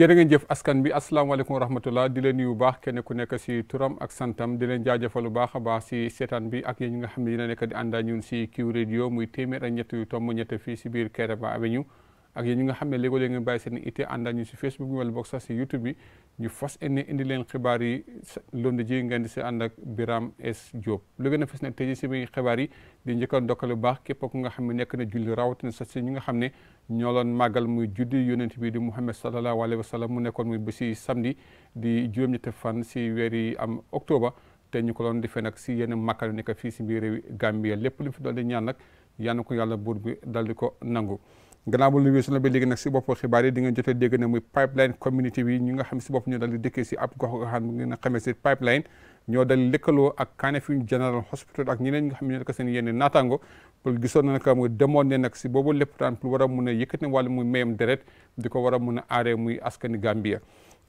jërë ngeen jëf askan bi asalaamaaleykum wa rahmatullah di leen nuyu bu baax kenn ku nekk si turam ak santam di leen jaajëfal bu baax a baax si seetaan bi ak yéen nga xam ne dina nekk di ànda ñun si Q Radio muy téeméer ak ñett yu tomb ñett fii si biir Kairaba ñu ak yéen ñi nga xam ne léegoo-léeg ngeen seen ittee ànd ak ñu si Facebook bi wala boog sax si bi ñu fas enne indi leen xibaar yi londi ji ngeen di si ànd Biram S Diop lu gën a fës nag te ji si biir xibaar yi di njëkkoon dokkale bu baax képp ku nga xam ne nekk na julli rawatina sax si ñu nga xam ne ñoo loon màggal muy juddi yonent bi di Muhammad sallallahu alayhi wa sallam mu nekkoon muy ba si samedi di juróom-ñetti fan si weer yi am octobre te ñu ko doon defee nag si yenn màkkal nekk fii si biir réew Gambia lépp lu fi doon di ñaan nag yal ko yàlla buur bi dal di ko nangu gannaaw ba lu weesu na ba léegi nag si bopp xibaar yi di ngeen jotee dégg ne muy pipeline community bi ñi nga xam si bopp ñoo dal di dëkkee si ab gox nga ne xamee si pipeline ñoo dal lëkkaloo ak Kanifing General Hospital ak ñeneen ñi nga xam ne ñoo nekk seen yenn naataango pour gisoon na nag mu demoon ne nag si boobu lépp daan pour war a mun a yëkkati wàllu muy mayam deret di ko war a mun a aaree muy askani Gambia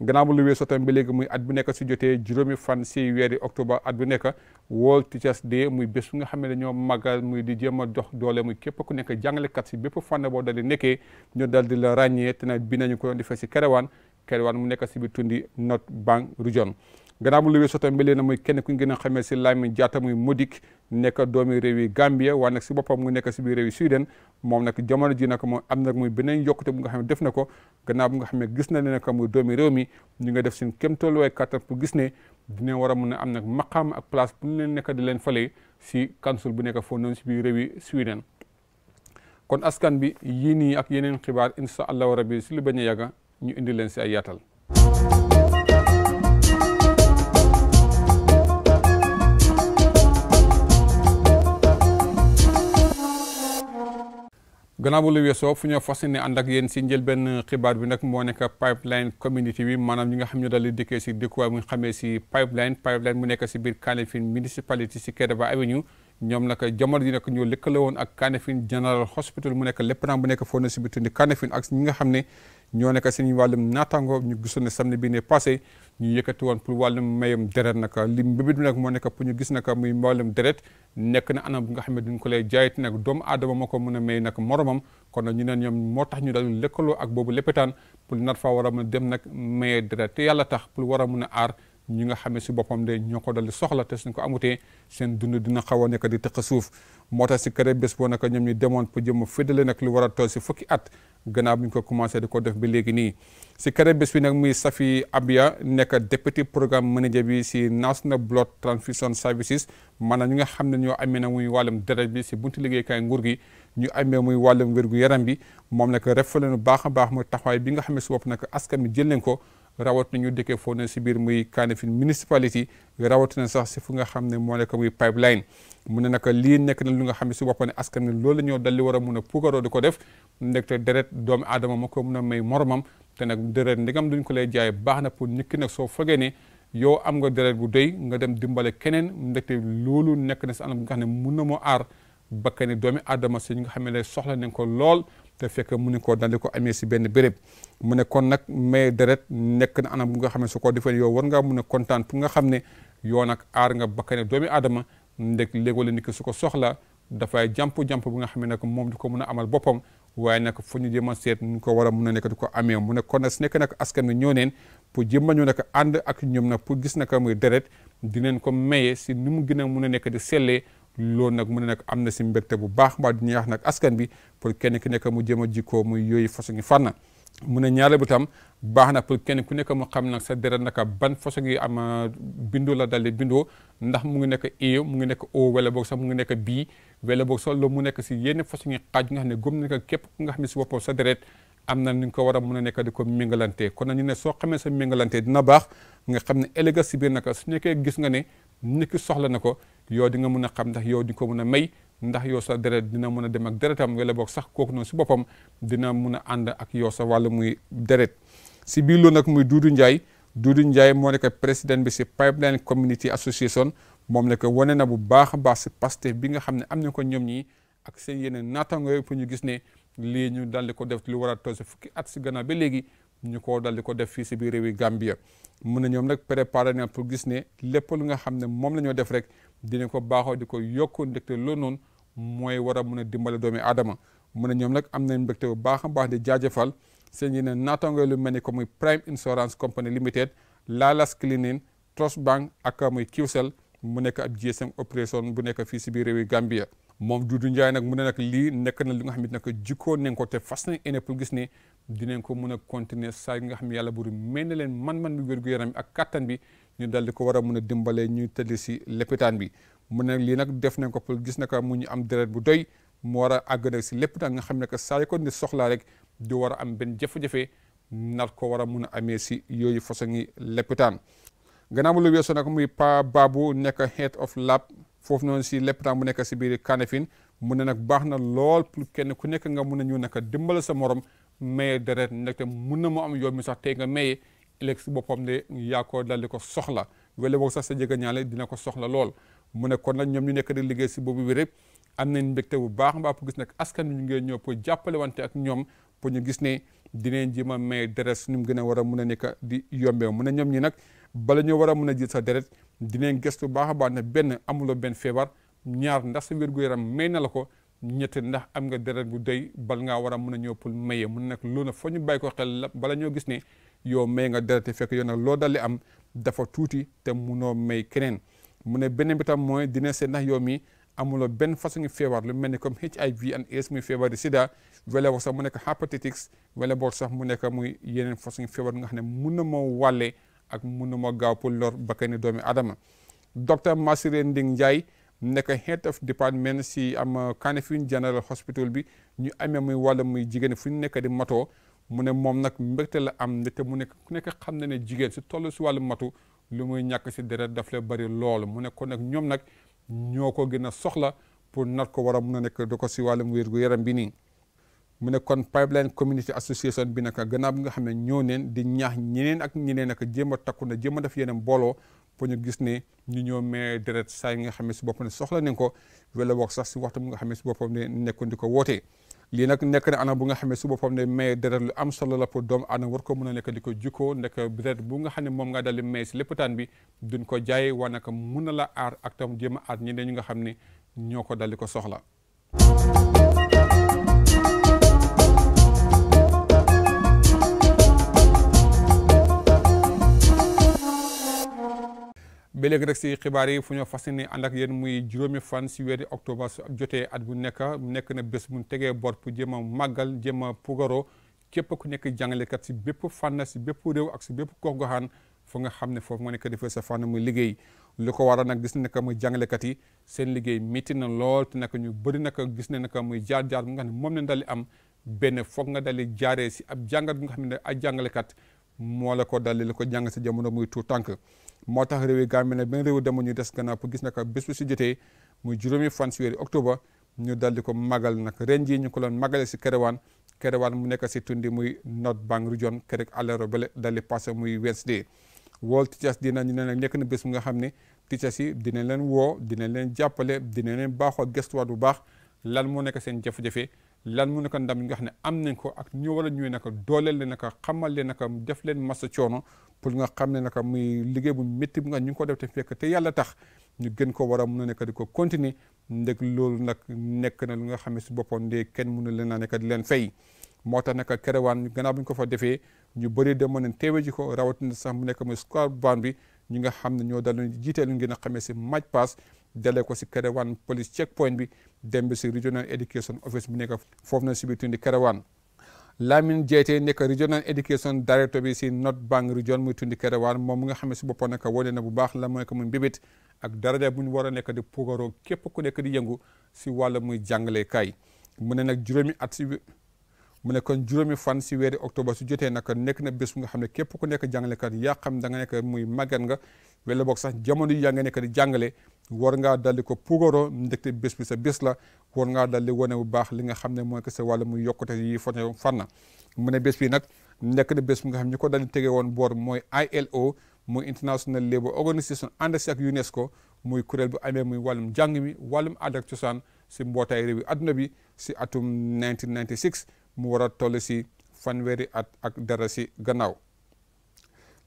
gannaaw bu lu weesoo tamit léegi muy at bu nekk su jotee juróomi fan si weeri octobre at bu nekk World Teachers Day muy bés bu nga xam ne dañoo màggal muy di jéem a dox doole muy képp ku nekk jàngalekat si bépp fànn boo dal nekkee ñu dal di la ràññee te nag bi nañu ko di defee si Kerewaan Kerewaan mu nekk si biir tundi North Bank Region gannaaw bu lu weesoo kenn ku ñu a xamee si Lamine Diatta muy Modic nekk doomi réew yi si boppam nekk si biir moom nag jamono ji nag moom am nag muy beneen yokkute bu xam ne def na ko gannaaw bu nga ne gis na ne nag muy mi ñu nga def seen kéem tolluwaay kattan pour gis ne dina war a mun a am nag maqaam ak place bu ñu leen nekk di leen fale si council bu nekk foofu noonu si biir réew yi Sweden kon askan bi yii nii ak yeneen xibaar incha allahu rabi si lu bañ a yàgga ñu indi leen si a yaatal gannaaw bu lu weesoo fu ñu fas ne ak yéen si njëlbenn xibaar bi nag moo nekk pipeline community bi maanaam ñi nga xam ne daal di dëkkee si dëkkuwaay bu nga xamee si pipeline pipeline mu nekk si biir Kanifing municipality si Kedaba Avenue ñoom nag jamono ji nag ñoo lëkkale woon ak Kanifing General Hospital mu nekk léppanaam bu nekk foo na si biir tuuti nga xam ne ñoo nekk seen wàllum naataango ñu gisoon ne samedi bii ne passé ñu yëkkati woon pour wàllum mayum deret nag li nag moo nekk pour ñu gis nag muy wàllum deret nekk na anam bu nga xam ne duñ ko lay jaayati nag doomu aadama moo ko mën a may nag moromam kon nag ñu ne ñoom moo tax ñu daal lëkkaloo ak boobu léppitaan pour nar faa war a a dem nag maye deret te yàlla tax pour war a mën a aar ñi nga xam ne si boppam de ñoo ko dal soxla te suñ ko amutee seen dund dina xaw a nekk di tëq suuf moo tax si kër bés boo naka ñoom ñu demoon pour jëm féddale nag lu war a toll si fukki at gannaaw bi ñu ko commencé di ko def ba léegi nii si kër bés bi nag muy Safi Abia nekk député programme manager bi si National Blood Transfusion Services maanaam ñi nga xam ne ñoo amee na muy wàllum deret bi si buntu kay nguur gi ñu amee muy wàllum wér gu yaram bi moom nag refale nu baax a baax muy taxawaay bi nga xam ne si bopp nag askan mi jël nañ ko rawat na ñu dëkkee foofu na si biir muy Kanifing municipality rawat na sax si fu nga xam ne moo nekk muy pipeline mu ne naka lii nekk na lu nga xam ne si boppam ne askan wi loolu la ñoo dal war a mun a puukaroo di ko def ndek deret doomu aadama moo ko mun a may moromam te nag deret ndigam duñ ko lay jaay baax na pour nit nag soo fogee ne yow am nga deret bu doy nga dem dimbale keneen ndekte loolu nekk na si anam nga xam ne mun na moo aar bakkani doomi aadama si ñi nga xam ne lay soxla nañ ko lool te fekk mu ni ko dandi ko amee si benn béréb mu ne kon nag may deret nekk na anam bu nga xam ko defee yow war ngaa mun a kontaan pour nga xam ne yow nag aar nga bakkane doomi aadama ndek léegoo la nit ki su ko soxla dafay jàmp-jàmp bu nga xam ne nag moom di ko mun a amal boppam waaye nag fu ñu jéem a seet ñu ko war mun a nekk di ko amee mu ne kon nag su nekk nag askan wi ñoo neen pour jéem a ñu nag ànd ak ñoom nag pour gis nag a muy deret dinañ ko maye si ni mu gën a mun a nekk di sellee loolu nag mu ne nag am na si mbegte bu baax mbaa di ñaax nag askan bi pour kenn ku nekk mu jëm a jikkoo muy yooyu façon yi fànn mu ne ñaareel bi tam baax na pour kenn ku nekk mu xam nag sa deret naka ban façon yi am euh, bindoo la daldi bindoo ndax mu ngi nekk mu ngi nekk wala boog sax mu ngi nekk bii wala boog sax loolu mu nekk si yenn façon yi xaaj nga xam ne gëm na képp ku nga xam ne si boppam sa deret am na ni ko war a mën a nekk di kon nag ñu ne soo xamee sa méngalante dina baax nga xam ne ëllëg si biir naka su nekkee gis nga ne nit ki soxla na ko yow di nga mun a xam ndax yow di ko mun a may ndax yow sa deret dina mun a dem ak deretam wala boog sax kooku noonu si boppam dina mun a ànd ak yow sa wàllu muy deret si biir loolu nag muy Duudu Njaay Duudu Njaay moo nekk président bi si Pipeline Community Association moom nekk wane na bu baax a baax si Pastef bi nga xam ne am nañ ko ñoom ñi ak seen yeneen naataango yëpp ñu gis ne lii ñu dal di ko def lu war a toll si fukki at si gannaaw ba léegi ñu koo dal ko def fii si biir réewi Gambia mun na ñoom nag préparé na pour gis ne lépp lu nga xam ne moom la ñoo def rek dinañ ko baaxoo di ko yokku ndekte loolu noonu mooy war a mun a dimbale doomi aadama mu a ñoom nag am na mbégte bu baax a baax di jaajëfal seen yeneen naataango lu mel ni que muy Prime Insurance Company Limited Lala's Cleaning Trust Bank ak muy Qcell mu nekk ab GSM opération bu nekk fii si biir réewi Gambia. moom Dudu Ndiaye nag mu ne nag lii nekk na li nga xam ne nag jikkoo nañ ko te fas nañ ene pour gis ni dinañ ko mun a continuer saa nga xam ne yàlla buru mel na leen man-man bi wér yaram ak kattan bi ñu dal di ko war a mën a dimbalee ñu tëdd si lepitaan bi mu ne lii nag def nañ ko pour gis na mu ñu am deret bu doy mu war a àgg nag si lepitaan nga xam ne que saa yu ko nit soxlaa rek du war a am benn jafe-jafe nar ko war a mun a amee si yooyu façon yi lepitaan gannaaw lu nag muy Pa Babou nekk head of lab foofu noonu si lepitaan bu nekk si biir Kanifing mu ne nag baax na lool pour kenn ku nekk nga mun a ñëw naka dimbale sa morom maye deret ndaxte mun na moo am yoon mi sax tey nga maye ëllëg si boppam de yaa ko daldi ko soxla wala boog sax sa jege ñaale dina ko soxla lool mu ne kon nag ñoom ñu nekk di liggéey si bopp bi rek am nañ mbégte bu baax mbaa pour gis nag askan ñu ngi ñëw pour jàppale wante ak ñoom pour ñu gis ne dinañ jéem a may deret mu gën a war a mun a nekk di yombee mu ne ñoom ñi nag bala ñu war a mun a jël sa deret dinañ gëstu baax a baax ne benn amuloo benn feebar ñaar ndax sa wér gu yaram may na la ko ñett ndax am nga deret bu doy bal ngaa war a mun a ñëw pour maye mu ne nag loolu nag foo ñu bàyyi ko xel la bala ñoo gis ne yow may nga dara fekk yow nag loo dal di am dafa tuuti te munoo may keneen mu ne beneen bi mooy dina seet ndax yow mi amuloo benn façon feebar lu mel ni comme HIV and AIDS muy feebar di sida wala sax mu nekk hepatitis wala boog sax mu nekk muy yeneen façon feebar nga xam ne mun na moo wàlle ak mun na moo gaaw pour lor bakkani doomi adama docteur Masire Nding Ndiaye nekk head of department si am Kanifing General Hospital bi ñu amee muy wàllu muy jigéen fu ñu nekk di matoo mu ne moom nag mbégte la am ndete mu nekk ku nekk xam na ne jigéen si toll si wàllu matu lu muy ñàkk si deret daf lay bëri lool mu nekkoon nag ñoom nag ñoo ko gën a soxla pour nag ko war a mun nekk da ko si wàllum wér yaram bi nii mu ne kon pipeline community association bi naka gannaaw bi nga xam ne ñoo neen di ñaax ñeneen ak ñeneen naka jéem a takku na jéem a def yeneen booloo pour ñu gis ne ñu ñoo mee deret saa yi nga xam ne si boppam ne soxla nañ ko wala wax sax si waxtu bi nga xam ne si boppam ne nekkoon di ko wootee lii nag nekk na anam bu nga xam ne su boppam ne may deret lu am solo la pour doomu aadama war ko mën a nekk di ko jukkoo nekk deret bu xam ne moom nga dal di may si léppataan bi duñ ko jaay waa naka mun na la aar ak tam jéem a aar ñeneen ñi nga xam ni ñoo ko dal di ko soxla ba léegi rek si xibaar yi fu ñoo fas yéene ànd ak yéen muy juróomi fan si weeri octobre su jotee at bu nekk nekk na bés bu tegee bor pour jéem a màggal jéem a képp ku nekk jàngalekat si bépp fànn si bépp réew ak si bépp gox goxaan fu nga xam ne foofu nga nekk defee sa fànn muy liggéey li ko waral nag gis ne naka muy jàngalekat yi seen liggéey métti na lool te naka ñu bëri naka gis ne naka muy jaar jaar bu nga xam ne moom lañ dali am benn foog nga dali jaaree si ab jàngat bu nga xam ne ay jàngalekat moo la ko dali la ko jàng si jamono muy tuut tànk moo tax réewi Gambie ne benn réew demu ñu des gannaaw pour gis naka bés bu si jotee muy juróomi fan si weeri octobre ñu dal di ko magal nag ren jii ñu ko doon magale si Kerewaan Kerewaan mu nekk si tundi muy North Bank Region kerek àllarba bële dal di passé muy Wednesday World Teachers Day dina ñu ne nag nekk na bés mu nga xam ne teachers yi dina leen woo dina leen jàppale dina leen baaxoo gëstuwaat bu baax lan moo nekk seen jafe-jafe lan mu nekk ndam ñi nga xam ne am nañ ko ak ñoo war a ñëwee naka dooleel leen naka xamal leen naka def leen masa coono pour nga xam ne naka muy liggéey bu métti bu nga ñu ngi ko def te fekk te yàlla tax ñu gën ko war a mun a nekk ko continuer ndeg loolu nag nekk na lu nga xam ne si boppam de kenn mënu leen naa nekk di leen fay moo tax naka kerewaan gannaaw bu ñu ko fa defee ñu bëri dem mën a teewe ji ko rawatina sax mu nekk muy square band bi ñu nga xam ne ñoo daal jiiteel ngeen a xamee si match paas dalee ko si Kerewan police checkpoint bi dem ba si regional education office bi nekk foofu na si biir tundi Kerewan Lamine Jeete nekk regional education director bi si North Bank region muy tundi Kerewan moom mi nga xam ne si boppam nag wane na bu baax la mooy ko muy bibit ak daraja bu ñu war a nekk di puugaroo képp ku nekk di yëngu si walla muy jàngale kaay mu ne nag juróomi mu ne kon fan si weeri octobre su jotee nag nekk na bés bu nga xam ne képp ku nekk jàngalekat yaa xam da nga nekk muy màggat nga wala boog sax jamono yi yaa nga nekk di jàngale war ngaa daldi ko puugaroo ndekte bés bi sa bés la war ngaa daldi wane bu baax li nga xam ne mooy que sa wàllu muy yokkute yi foto fanna mu ne bés bi nag nekk na bés bu nga xam ni ko daldi tegee woon boor mooy ILO muy International Labour Organization ànd si ak UNESCO muy kuréel bu amee muy wàllum jàng mi wàllum aada cosaan si mbootaayu réew yi bi si atum 1996 mu war a toll si fanweeri at ak dara si gannaaw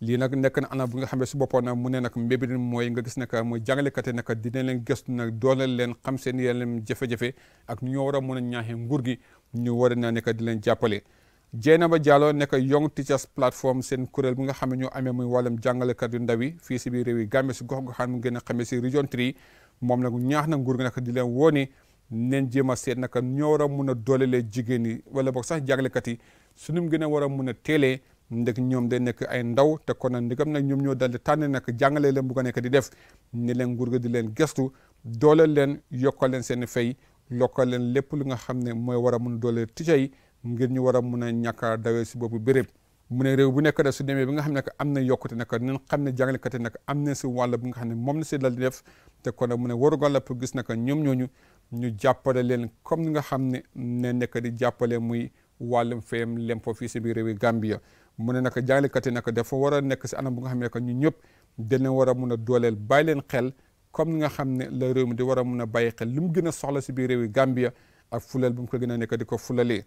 lii nag nekk na anam bu nga xamee si su nag mu ne nag mbébét mooy nga gis ne que mooy jàngalekat yi nag dina leen gëstu nag dooleel leen xam seen yeneen jafe-jafe ak ñu war a mën a ñaaxee nguur gi ñu war a nekk di leen jàppale. Jeynaba Diallo nekk Young Teachers Platform seen kuréel bi nga xam ne ñoo amee muy wàllum jàngalekat yu ndaw yi fii si biir réew yi Gambie si gox goxaan mu gën a xamee si région 3 moom nag ñaax na nguur gi nag di leen woo neen jéem a seet naka ñoo war a mun a doolelee jigéen ñi wala boog sax jàngalekat yi suñu gën a war a mun a teelee ndek ñoom day nekk ay ndaw te kon nag ndigam nag ñoom ñoo daal tànn nag jàngale leen bu ko nekk di def leen nguur gi di leen gestu doole leen yokkal seen fay lokkal leen lépp lu nga xam ne mooy war a mun a dooleel ticca yi ngir ñu war a mun a ñàkk dawee si boobu béréb mu ne réew bu nekk da si demee bi nga xam ne am na yokkute nag nañ xam ne jàngalekat yi nag am na si wàll bu nga xam ne moom la si dal di def te kon nag mu ne warugal la pour gis nag ñoom ñooñu ñu jàppale leen comme ni nga xam ne ne nekk di jàppale muy wàllum fayam lempo fii si biir réewi Gambia mu ne nag jàngalekat yi nag dafa war a nekk si anam bu nga xam ne que ñëpp dana war mun a dooleel bàyyi leen xel comme ni nga xam ne la réew mi di war a mun a bàyyi xel li mu gën a soxla si biir réewi Gambia ak fulal bu mu ko gën a nekk di ko fulalee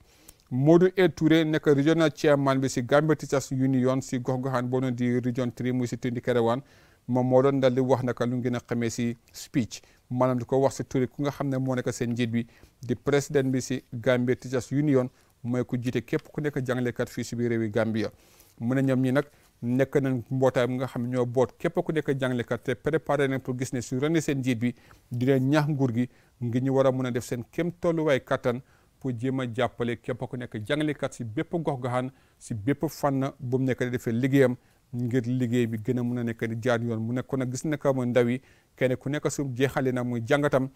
Modou E Touré nekk regional chairman bi si Gambia Teachers Union si gox-goxaan boo doon di region 3 muy si Tundikere waan moom moo doon dal wax naka lu mu gën a xamee si speech. maanaam di ko wax si turi ku nga xam ne moo nekk seen njiit bi di président bi si Gambia Teachers Union mooy ku jiite képp ku nekk jàngalekat fii si biir réewi Gambia mu a ñoom ñi nag nekk nañ mbootaay mu nga xam ñoo boot képp ku nekk jàngalekat te préparé nañ pour gis ne su rene seen njiit bi dina ñax nguur gi ngi ñu war a mun a def seen kem tolluwaay kattan pour jéem a jàppale képp ku nekk jàngalekat si bépp gox goxaan si bépp fànn bu nekk defee liggéeyam ngir liggéey bi gën a mun a nekk di jaar yoon mu nekk nag gis na ko mooy ndaw yi kenn ku nekk su jeexalee nag muy jàngatam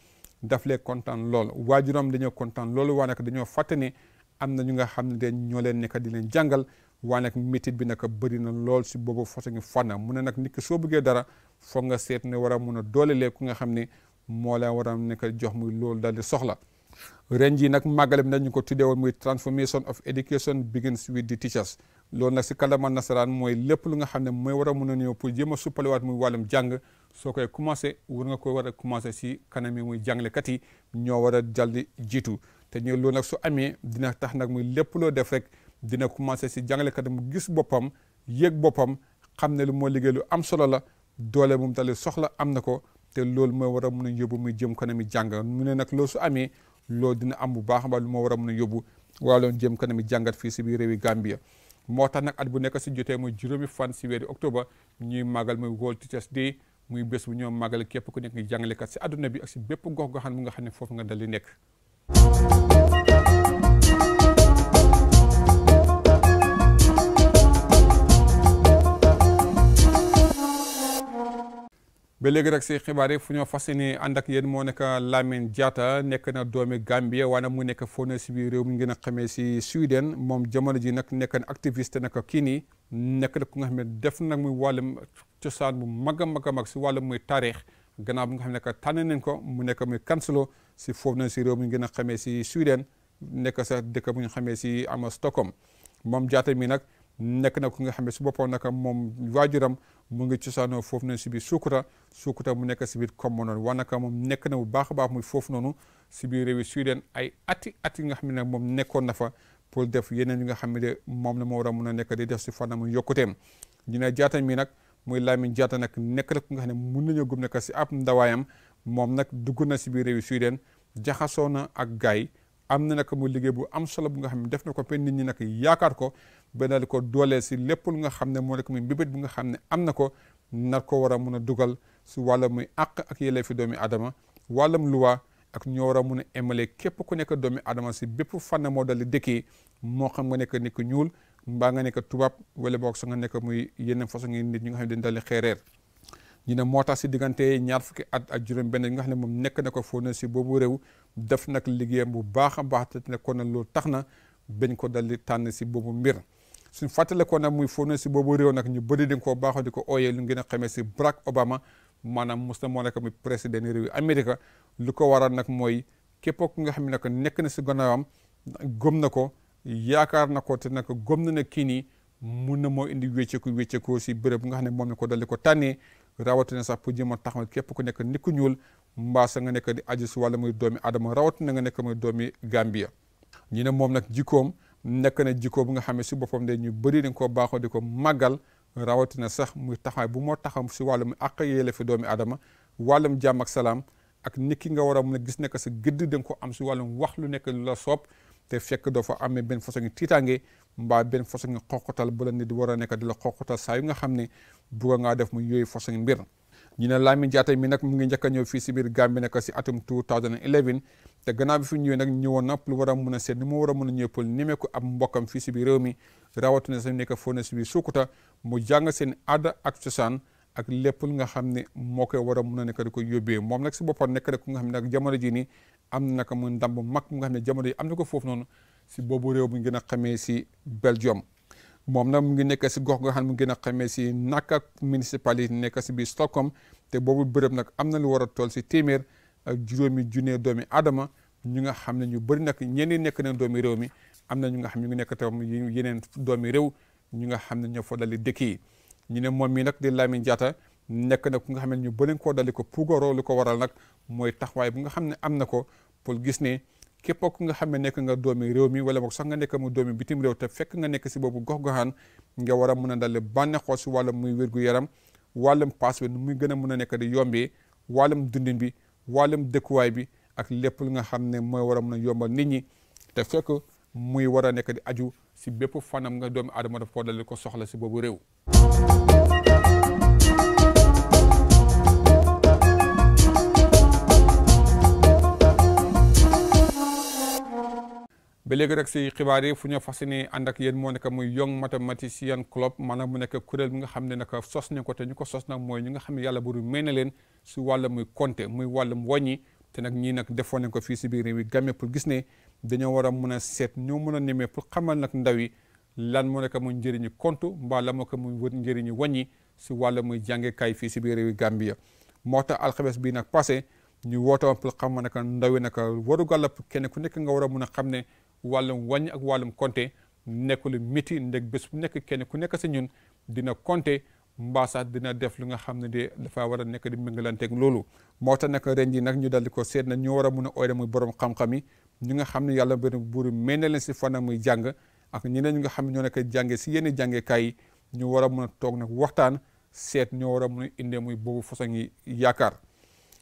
daf lee kontaan lool waajuram dañoo kontaan loolu waa nag dañoo fàtte ne am na ñu nga xam ne de ñoo leen nekk di leen jàngal waaye nag métit bi nag bëri na lool si boobu façon ngi fànn mu ne nag nit soo bëggee dara foog nga seet ne war a mun a doolelee ku nga xam ne moo la war a nekk jox muy lool daal di soxla ren jii nag màggale bi nag ñu ko tuddee woon muy transformation of education begins with the teachers loolu nag si kàllaama nasaraan mooy lépp lu nga xam ne mooy war a mun a ñëw pour jéem a suppaliwaat muy wàllum jàng soo koy commencé war nga ko war a commencé si kanam yi muy jàngalekat yi ñoo war a jaldi jiitu te ñoo loolu nag su amee dina tax nag muy lépp loo def rek dina commencé si jàngalekat mu gis boppam yéeg boppam xam ne lu moo liggéey lu am solo la doole mu tamit soxla am na ko te loolu mooy war a mun a yóbbu muy jëm kanami jàng mu ne nag loolu su amee loolu dina am bu baax ba lu moo war a mun a yóbbu wàlloon jëm kanami jàngat fii si biir réewi Gambia moo tax nag at bu nekk si jotee mooy juróomi fan si weeru octobre ñuy màggal muy World Teachers Day muy bés bu ñoo màggal képp ku nekk jàngalekat si àdduna bi ak si bépp gox goxaan mu nga xam ne foofu nga dal di nekk ba léegi rek si xibaar yi fu ñoo fas yéene ànd ak yéen moo nekk Lamine jaata nekk na doomi Gambie waaye nag mu nekk fóone si biir réew mi ngeen a xamee si Sweden moom jamono ji nag nekk na activiste kii nii nekk na ku nga xam ne def nag muy wàllum cosaan bu mag a mag si wàllum muy taarix gannaaw bi nga xam ne que tànn nañ ko mu nekk muy kansilo si foofu na si réew mi ngeen a xamee si Sweden nekk sa dëkk bu ñu xamee si ama Stockholm moom Diatta mi nag. nekk na ku nga xam ne su boppam naka moom waajuram mu ngi cosaanoo foofu noonu si biir Sukuta Sukuta mu nekk si biir Kombo noonu waaye naka nekk na bu baax a baax muy foofu noonu si biir réewi Suède ay ati ati nga xam ne nag moom nekkoon na fa pour def yeneen yi nga xam ne de moom la moo war a mun a nekk di def si fànnamu yokkuteem ñu ne jaata mi nag muy Lamin Jaata nag nekk na ku nga xam ne mun nañoo gëm nekk si ab ndawaayam moom nag dugg na si biir réewi Suède jaxasoo na ak gaay am na nag mu liggéey bu am solo bu nga xam ne def na ko pe nit ñi nag yaakaar ko ba daal di ko dooleel si lépp lu nga xam ne moo nekk muy mbébét bi nga xam ne am na ko nar ko war a mun a dugal si wàllum muy àq ak yelleefi doomi aadama wàllum luwa ak ñoo war a mun a émale képp ku nekk doomi aadama si bépp fànn moo dal di dëkkee moo xam nga nekk nit ku ñuul mbaa nga nekk tubaab wala boog sa nga nekk muy yenn façon ngi nit ñi nga xam ne dañ dal ñu ne moo tax si diggante ñaar fukki at ak juróom benn nga xam ne moom nekk na ko foo na si boobu réew def nag liggéeyam bu baax a baax te nekkoon na lool tax na bañ ko dal di tànn si boobu mbir suñ fàttalikoo nag muy fóon si boobu réew nag ñu bëri di nga koo baaxoo di ko ooyee lu ngeen a xamee si Barack Obama maanaam mos na moo nekk muy président réew yi Amérique lu ko waral nag mooy képp ku nga xam ne nekk na si gannaawam gëm na ko yaakaar na ko te nag gëm na ne kii nii mun na moo indi wécceeku ko si béréb bu nga xam ne moom la ko dal ko tànnee rawatina sax pour jéem a taxawal képp ku nekk nit ñuul mbaa sa nga nekk di aju si wàllu muy doomi Adama rawatina nga nekk muy doomi Gambia ñu ne moom nag jikkoom. nekk na jikko bu nga xam ne si boppam de ñu bëri dañ koo baaxoo di ko màggal rawatina sax muy taxawaay bu moo taxaw si wàllum àq yéele fi doomi aadama wàllum jàmm ak salaam ak nit ki nga war a mun a gis nekk sa gëdd da ko am si wàllum wax lu nekk lu la soob te fekk doo fa amee benn façon ngi tiitaange mbaa benn façon ngi xoqatal bu la di war a nekk di la xoqatal saa yu nga xam ne bugg ngaa def mu yooyu façon mbir ñu ne Lamin Jaata mi nag mu ngi njëkk ñëw fii si biir Gambie nekk si atum 2011 te gannaaw bi fu ñëwee nag ñëwoon na lu war a mën a seet ni mu war a mën a ñëw pour nimeeku ab mbokkam fii si biir réew mi rawatina sax nekk foo na si biir Sukuta mu jàng seen aada ak cosaan ak lépp nga xam ne moo koy war a mën a nekk di ko moom nag si boppam nekk rek nga xam ne nag jamono jii nii am na mu ndam bu mag mu ne jamono yi am na ko foofu noonu si boobu réew mi gën a xamee si Belgium moom nag mu ngi nekk si gox nga xam ne mu gën a xamee si naka municipalité nekk si biir Stockholm te boobu bërëb nag am na lu war a toll si téeméer ak juróomi junne doomi aadama ñu nga xam ne ñu bëri nag ñenn nekk nañ doomi réew mi am na ñu nga xam ñu ngi nekk tam yeneen doomi réew ñu nga xam ne ñoo fa dali dëkk yi ñu ne moom mii nag di Lamine Diatta nekk na ku nga xam ne ñu bëri koo dali ko puugaroo lu ko waral nag mooy taxawaay bu nga xam ne am na ko pour gis ne képp ku nga xam ne nekk nga doomi réew mi wala boog sax nga nekk mu doomi bitim réew te fekk nga nekk si boobu gox-goxaan nga war a mun a dale bànneexoo si wàllum muy wér-gu-yaram wàllum paas bi nu muy gën a mun a nekk di yombee wàllum dundin bi wàllum dëkkuwaay bi ak lépp lu nga xam ne mooy war a mën a yombal nit ñi te fekk muy war a nekk di aju si bépp fanam nga doomu aadama dafa ko soxla si boobu réew ba léegi rek si xibaar yi fu ñu fas yéene ànd ak yéen moo nekk muy Young Mathematician Club maanaam mu nekk kuréel bi nga xam ne nag sos nañ ko te ñu ko sos nag mooy ñu nga xam ne yàlla buru may na leen si wàll muy compter muy wàllum wàññi te nag ñii nag defoon nañ ko fii si biir réew yi Gambie pour gis dañoo war a mën a seet ñoo mën a nemee pour xamal nag ndaw yi lan moo nekk muy njëriñu compte mbaa lan muy wër njëriñu wàññi si wàllum muy jàngekaay fii si biir réew yi Gambie moo tax alxames bii nag passé ñu woote pour xam ma nag ndaw yi nag warugal la pour kenn ku nekk nga war a mun a xam ne wàllum wàññi ak wàllum compter nekk lu métti ndeg bés bu nekk kenn ku nekk si ñun dina compter mbaa dina def lu nga xam ne de dafa war a nekk di méngalanteeg loolu moo tax nag ren ji nag ñu dal di ko seet na ñu war a mun a oyda muy borom xam-xam yi ñu nga xam ne yàlla benn buuru may na leen si fànn muy jàng ak ne ñi nga xam ne ñoo nekk jàngee si yenn jàngeekaay yi ñu war a mun a toog nag waxtaan seet ñoo war a mun a indee muy boobu façon yi yaakaar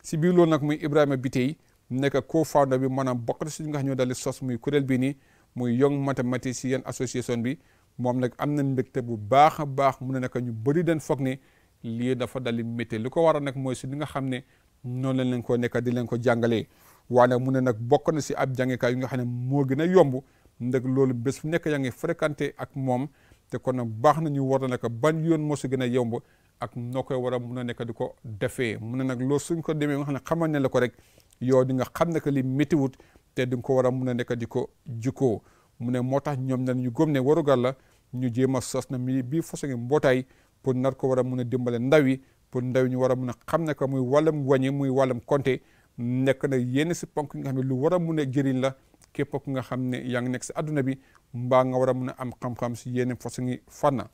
si biir loolu nag muy Ibrahima Biteye nekk co-founder bi maanaam bokk na si nga xam ñoo daal sos muy kuréel bii nii muy Young Mathematician Association bi moom nag am na mbégte bu baax a baax mu ne nag ñu bëri den foog ne lii dafa dal di métti li ko waral nag mooy si li nga xam ne noonu lañ leen ko nekk di leen ko jàngalee waaye nag mu ne nag bokk na si ab jàngekaay yi nga xam ne moo gën a yomb ndax loolu bés fu nekk yaa ngi fréquenté ak moom te kon nag baax na ñu war na ban yoon moo si gën a yomb ak noo koy war a mun a nekk di ko defee mu ne nag loolu suñ ko demee nga ne xamal ne la ko rek yooyu nga xam ne que li méttiwut te di ko war a mun a nekk di ko jikkoo mu ne moo tax ñoom na ñu góom ne warugal la ñu jéem sos na mi bii façon mbootaay pour nar ko war a mun a dimbale ndaw yi pour ndaw ñu war a mun a xam ne que muy wàllum wàññi muy wàllum compter nekk na yenn si ponk yi nga xam ne lu war a mun a jëriñ la képp ku nga xam ne yaa ngi nekk si adduna bi mbaa nga war a mun a am xam-xam si yenn façon yi fànna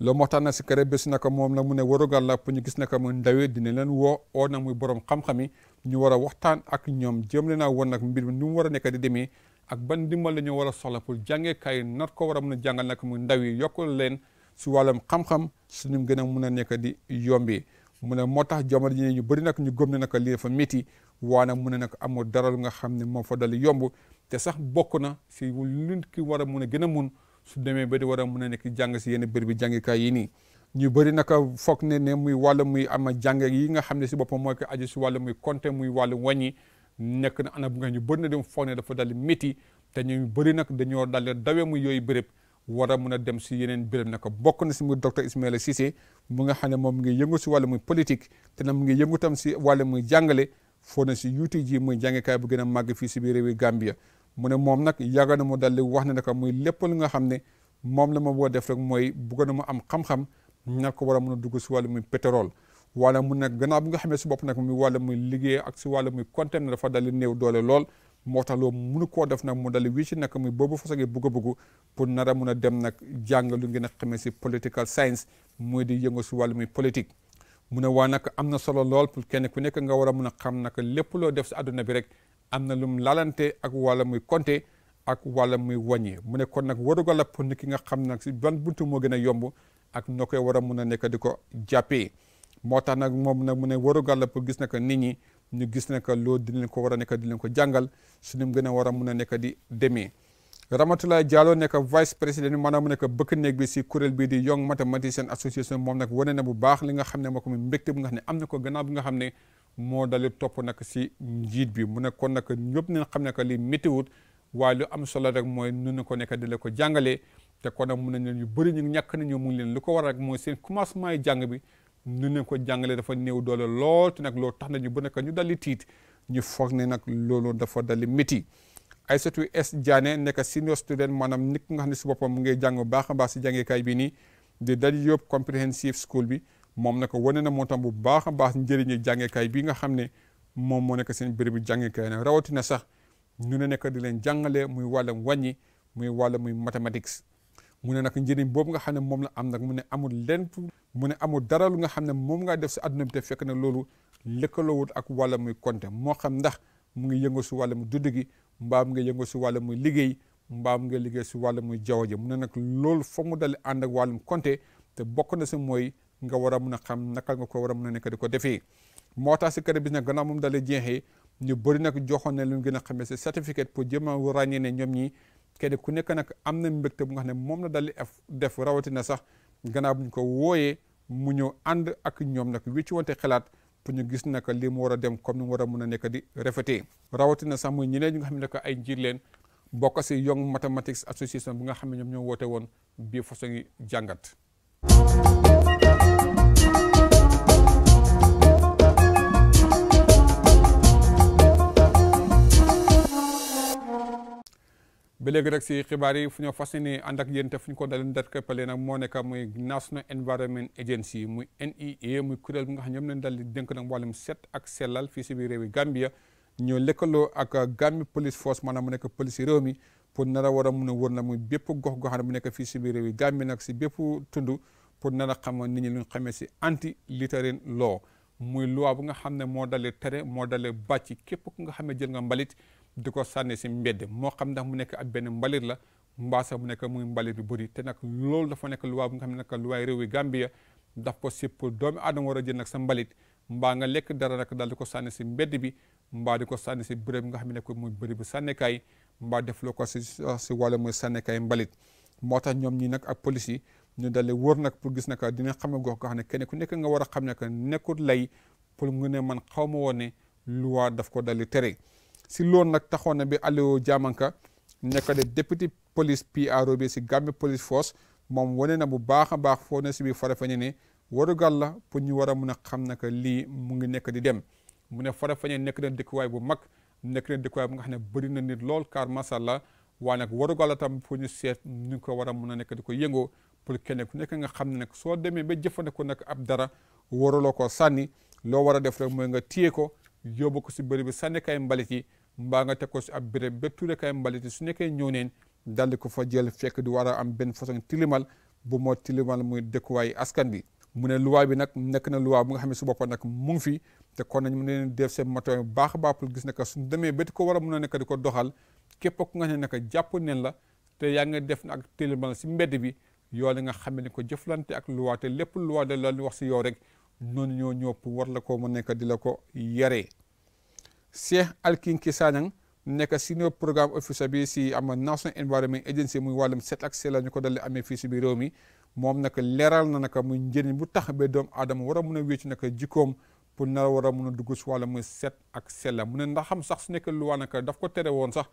loolu moo tax na si kare bés na moom la mun a warugal la pour ñu gis na ko muy ndawe dina leen woo oo na muy borom xam-xami ñu war a waxtaan ak ñoom jéem leen a woon nag mbir mi ni mu war a nekk di demee ak ban ndimbal ñu war a soxla pour jàngeekaay yi nar ko war a mun a jàngal nag muy ndaw yi yokkul leen si wàllum xam-xam suñu gën a mun a nekk di yombee mu ne moo tax jamono ji ñu bëri nag ñu gëm ne nag lii dafa métti waa nag mu ne nag amul dara lu nga xam ne moo fa dal yomb te sax bokk na si luñ ki war a mun a gën a mun su demee ba di war a mën a nekk jàng si yenn béréb bi jàngikaay yi nii ñu bëri naka foog ne ne muy wàllu muy ama jàng yi nga xam ne si boppam mooy ko aju si wàllu muy compté muy wàllu wàññi nekk na ana bu nga ñu bëri na dem foog dafa dal métti te ñu bëri nag dañoo dal dawe muy yooyu béréb war a mun a dem si yeneen béréb naka bokk na si muy docteur Ismaila Cissé mu nga xam ne moom ngi yëngu si wàllu muy politique te na mu ngi yëngu tam si wàllu muy jàngale foo na si UTG muy jàngekaay bu gën a màgg fii si biir réewi Gambia mu ne moom nag yàgg na mu dalli wax ne naka muy lépp lu nga xam ne moom la ma boo def rek mooy bëggoon na mu am xam-xam nag ko war a mun a dugg si wàllu muy pétrole wala mu nag gannaaw bi nga xamee si bopp nag muy wàllu muy liggéey ak si wàllu muy conteneur dafa dalli néew doole lool moo tax loolu mënu koo def nag mu dalli wii si nag muy boobu fasagee bëgg a bëgg pour nar mun a dem nag jàng lu ngeen a xamee si political science mooy di yëngu si wàllu muy politique mu ne waa nag am na solo lool pour kenn ku nekk nga war a mun a xam nag lépp loo def si àdduna bi rek am na lum lalante ak wala muy compter ak walla muy wàññi mu ne kon nag warugal la pour nit ki nga xam nag si ban buntu moo gën a yomb ak noo koy war a mun a nekk di ko jàppee moo tax nag moom nag mu ne warugal gis na ko nit ñi ñu gis na ko loolu dinañ ko war a nekk di ko jàngal suñu gën a war a mun a nekk di demee. Ramatulaay Jallow nekk vice président maanaam mu nekk bëkk néeg bi si kuréel bii di Young Mathematician Association moom nag wane na bu baax li nga xam ne moo ko mu mbégte bu nga xam ne am na ko gannaaw bi nga xam ne moo dal topp nag si njiit bi mu ne kon nag ñëpp nañ xam ne que li météo waaye lu am solo rek mooy nu ne ko nekk di ko jàngalee te kon nag mun nañ ñu bëri ñu ñàkk nañu mu ngi leen lu ko war a rek mooy seen commencement yi jàng bi nu ne ko jàngalee dafa néew doole lool te nag loolu tax nañu bu nekk ñu dal di tiit ñu foog ne nag loolu dafa dal di métti Aïssatou S Diané nekk senior student maanaam nit nga xam ne si boppam mu ngi jàng bu baax a baax si jàngeekaay bi nii di Daddy Diop comprehensive school bi. moom nag wane na moo tam bu baax a baax njëriñu jàngekaay bi nga xam ne moom moo nekk seen bérébu jàngekaay nag rawatina sax ñu ne nekk di leen jàngale muy wàllam wàññi muy wàllam muy mathématiques mu ne nag njëriñ boobu nga xam ne moom la am nag mu ne amul lenn mu ne amul dara lu nga xam ne moom ngaa def si àdduna bi te fekk na loolu lëkkaloowut ak wàllam muy compter moo xam ndax mu ngi yëngu si wàllam dudd gi mbaam nga yëngu si wàllam muy liggéey mbaam nga liggéey si wàllam muy jaww ji mu ne nag loolu foog mu dale ànd ak wàllum compter te bokk na si mooy nga war a mun a xam naka nga ko war a mun a nekk di ko defee moo tax si kër bi nag gannaaw moom dala jeexee ñu bëri nag joxoon ne lu ñu gën a xamee si certificat pour jéem a ràññee ne ñoom ñi kenn ku nekk nag am na mbégte bu nga xam ne moom la dali def rawatina sax gannaaw bu ñu ko wooyee mu ñëw ànd ak ñoom nag wéccu wante xalaat pour ñu gis naka li mu war a dem comme ni mu war a mun a nekk di rafetee rawatina sax ñeneen ñi nga xam ne ko ay njiit leen bokk si Young Mathematics Association bi nga xam ne ñoom ñoo woote woon bii façon jàngat ba léegi rek si xibaar yi fu ñoo fas yéene ànd ak yéen te fu ñu ko daleen dat këppale nag moo nekk muy National Environment Agency muy NEA muy kuréel bi nga xam ñoom leen dal di dénk nag wàllum set ak sellal fii si biir réewi Gambia ñoo lëkkaloo ak Gambia Police Force maanaam mu nekk police réew mi pour nar a war a mun a wër na muy bépp gox gox bu nekk fii si biir réew yi Gambie nag si bépp tund pour nar a xamal nit ñi lu xamee si anti littering law muy loi bu nga xam ne moo dalee tere moo dalee bàcc képp ku nga xam ne jël nga mbalit di ko sànni si mbedd moo xam ndax mu nekk ab benn mbalit la mbaasa mu nekk muy mbalit bu bëri te nag loolu dafa nekk loi bu nga xam ne nag loi réew yi Gambia daf ko si pour doomi aadama a jël nag sa mbalit mbaa nga lekk dara nag daal ko sànni si mbedd bi mbaa di ko sànni si bërëb nga xam ne ko muy bërëb bu sànnekaay mbaa def lu ko si si wàllum sànni kay mbalit moo tax ñoom ñi nag ak police yi ñu dal wër nag pour gis nag dina xam ne gox nga xam ne kenn ku nekk nga war a xam ne que nekkul lay pour mu ne man xaw woon ne loi daf ko dali tere si loolu nag taxoon na bi Alieu Diamanka nekk de député police PRO bi si Gambia Police Force moom wane na bu baax a baax foo ne si biir Farafenni ne warugal la pour ñu war a mun a xam ne que lii mu ngi nekk di dem mu ne Farafenni nekk na dëkkuwaay bu mag. nekk leen dëkkuwaay bu nga xam ne bëri na nit lool car macha allah waaye nag warugal tam fu ñu seet ñu ko war a mën a nekk di ko yëngoo pour kenn ku nekk nga xam ne nag soo demee ba jëfandikoo nag ab dara waraloo ko sànni loo war a def rek mooy nga téye ko yóbbu ko si bëri bi sànnikaay mbalit yi mbaa nga teg ko si ab béréb bépp tuurekaay mbalit su nekkee ñëw neen daldi ko fa jël fekk di war a am benn façon tilimal bu moo tilimal muy dëkkuwaay askan bi mu ne luwaa bi nag nekk na luwaa bu nga xam ne su boppam nag mu mu ne def seen matuwaay bu baax a baax pour gis ne que suñ demee ba ko war a mun nekk di ko doxal képp ku nga xam ne la te yaa ngi def na ak télémal si mbedd bi yoo li nga xam ne ko jëflante ak luwaa te lépp luwaa de loolu wax si yow rek noonu ñoo ñëw pour war la ko mu nekk di la ko yaree Cheikh Alkinki Sagnang nekk senior programme officer bi si am National Environment Agency muy mu set ak seela ñu ko dalee amee fii si biir réew mi moom nag leeral na nag muy njëriñ bu tax bee doomu aadama war a mun a wéccu nag jikkoom pour nar war a mun a dugg si walla muy set ak sella mu ne ndax xam sax su nekk luwaa nag daf ko tere woon sax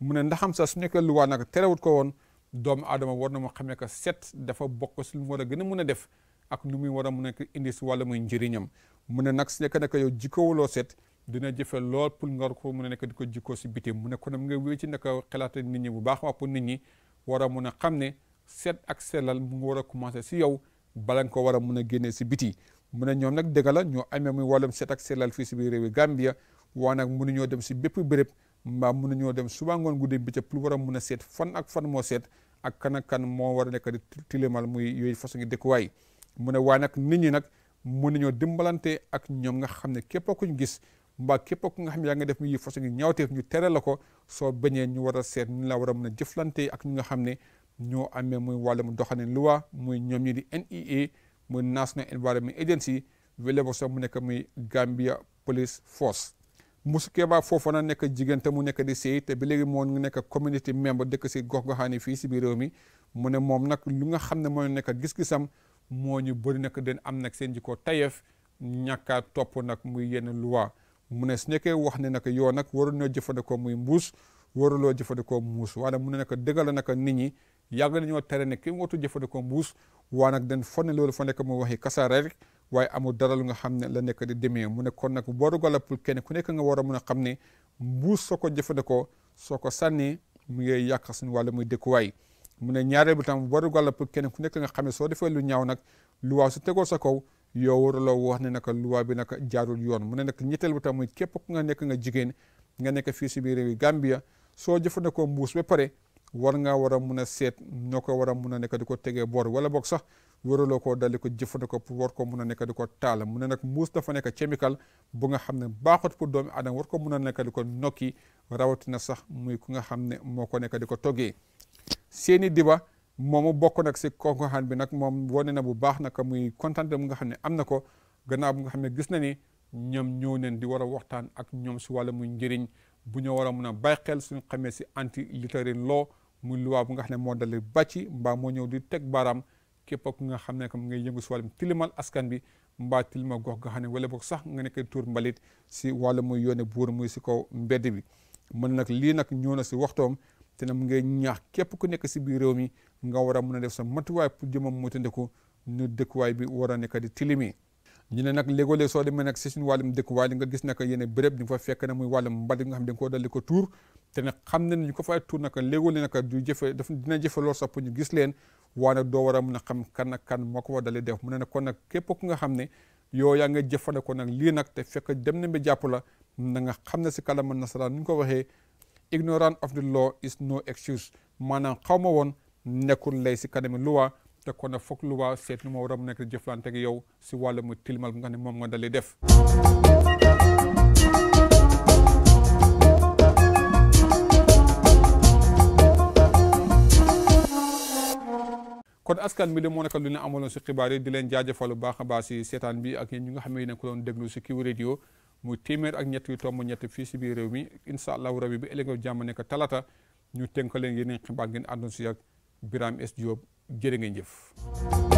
mu ne ndax sax su nekk luwaa nag terewut ko woon doomu aadama war na mu xamee que set dafa bokk si lu mu war a gën a mun a def ak lu muy war a mun a indi si wàlla muy njëriñam mu ne nag su nekk nag yow jikkowuloo set dina jëfe lool pour nga ko mun a nekk di ko jikkoo si biti mu ne kon nga wéy ci nag xalaat nit ñi bu baax waa pour nit ñi war a mun a xam ne seet ak sellal mu ngi war a commencé si yow bala nga ko war a mun a génnee si biti mu a ñoom nag dëgg la ñoo amee muy wàllum set ak sellal fii si biir réewi Gambia waaye nag ñoo dem si bépp béréb mbaa mënuñoo dem suba ngoon guddi bi ca pour war mun a seet fan ak fan moo seet ak kan ak moo war a nekk di tilimal muy yooyu façon yi dëkkuwaay mu ne waaye nag nit ñi nag mënuñoo dimbalante ak ñoom nga xam ne képp ku ñu gis mbaa képp ku nga xam yaa ngi def muy façon yi ñaawteef ñu tere ko soo bañee ñu war a seet la war a mun a jëflante ak ñu nga xam ne ñoo amee muy mu doxalin luwaa muy ñoom ñi di NEA muy National Environment Agency wele bo sax mu nekk muy Gambia Police Force Musu Keba Fofana nekk jigéen te mu nekk di sëy te ba léegi moo nekk community member dëkk si gox goxaani fii si biir réew mi mu ne moom nag lu nga xam ne mooy nekk gis-gisam moo ñu bëri nag den am nag seen jikko tayef ñàkkaa topp nag muy yenn luwaa mu ne su nekkee wax ne nag yoo nag waru ñoo jëfandikoo muy mbuus waruloo jëfandikoo mbuus waaye mu ne nag dëggal nag nit ñi yàgg nañoo tere ne kenn wootu jëfandikoo mbuus waa nag dan fon ne loolu fa nekk moo waxi kasaara rek waaye amul dara lu nga xam ne la nekk di demee mu ne nag warugal la pour kenn ku nekk nga war a mun a xam ne mbuus soo ko jëfandikoo soo ko sànnee mu yàq suñu wàllu muy dëkkuwaay mu ne ñaareel bi tam warugal la pour kenn ku nekk nga xam ne soo defee lu ñaaw nag luwaa su tegoo sa kaw yow waruloo wax ne naka luwaa bi naka jaarul yoon mu ne nekk ñetteel bi tam muy képp ku nga nekk nga jigéen nga nekk fii si biir réewi Gambia soo jëfandikoo mbuus ba pare war ngaa war mun a seet ñoo ko war a mun a nekk di ko tegee boor wala boog sax waraloo ko daldi ko jëfandikoo pour war ko mun a nekk di ko taal mu ne nag muus dafa nekk chemical bu nga xam ne baaxut pour doomi aadama war ko mun a nekk di ko nokki rawatina sax muy ku nga xam ne moo ko nekk di ko toggee seeni diba moomu bokk nag si konkoxaan bi nag moom wane na bu baax nag muy kontante mu nga xam ne am na ko gannaaw bu nga xam ne gis na ni ñoom ñëw neen di war a waxtaan ak ñoom si wàllu muy njëriñ bu ñu war a mun a bàyyi xel suñu xamee si anti littérine loo muy luwaa bu nga xam ne moo dale bàcci mbaa moo ñëw di teg baaraam képp ku nga xam ne comme ngay yëngu si wàllum tilimal askan bi mbaa tilima gox nga xam ne wala boog sax nga nekk tuur mbalit si wàllu muy yónnee buur muy si kaw mbedd bi mën nag lii nag ñëw na si waxtoom te na mu ngay ñax képp ku nekk si biir réew mi nga war a mën a def sa matuwaay pour jëmam moytandiku ñu dëkkuwaay bi war a nekk di tilimi ñu ne nag léegoolee soo demee nag si suñu wàllum dëkkuwaay li nga gis naka yenn béréb di nga fa fekk na muy wàllum mbalit nga xam ne dañ koo ko tuur te nag xam nañ ñu ko fay tuur nag léegoolee nag dina jëfe lool ñu gis leen waa nag doo a mën a xam kan ak kan moo ko fa dali def mu ne nag kon nag képp ku nga xam ne yow yaa nga jëfandikoo nag lii nag te fekk dem ne ba jàpp la na nga xam ne si kàllaama nasaraan ni ñu ko waxee ignorance of the law is no excuse maanaam xaw ma woon nekkul lay si kanami luwa te kon nag foog lu seet nu ma nekk jëflante yow si wàllum tilimal nga ne moom nga dalee def. kon askan de moo nekk lu leen amaloon si xibaar yi di leen jaajëfal bu a baax si seetaan bi ak ñi nga xam ne yéen a ko doon si Q Radio mu téeméer ak ñett yu tomb ñett fii si biir réew mi incha allahu rabi bi ëllëg jàmm nekk talata ñu tënk leen yeneen xibaar ngeen àndoon si ak Birame S jërë ngeen jëf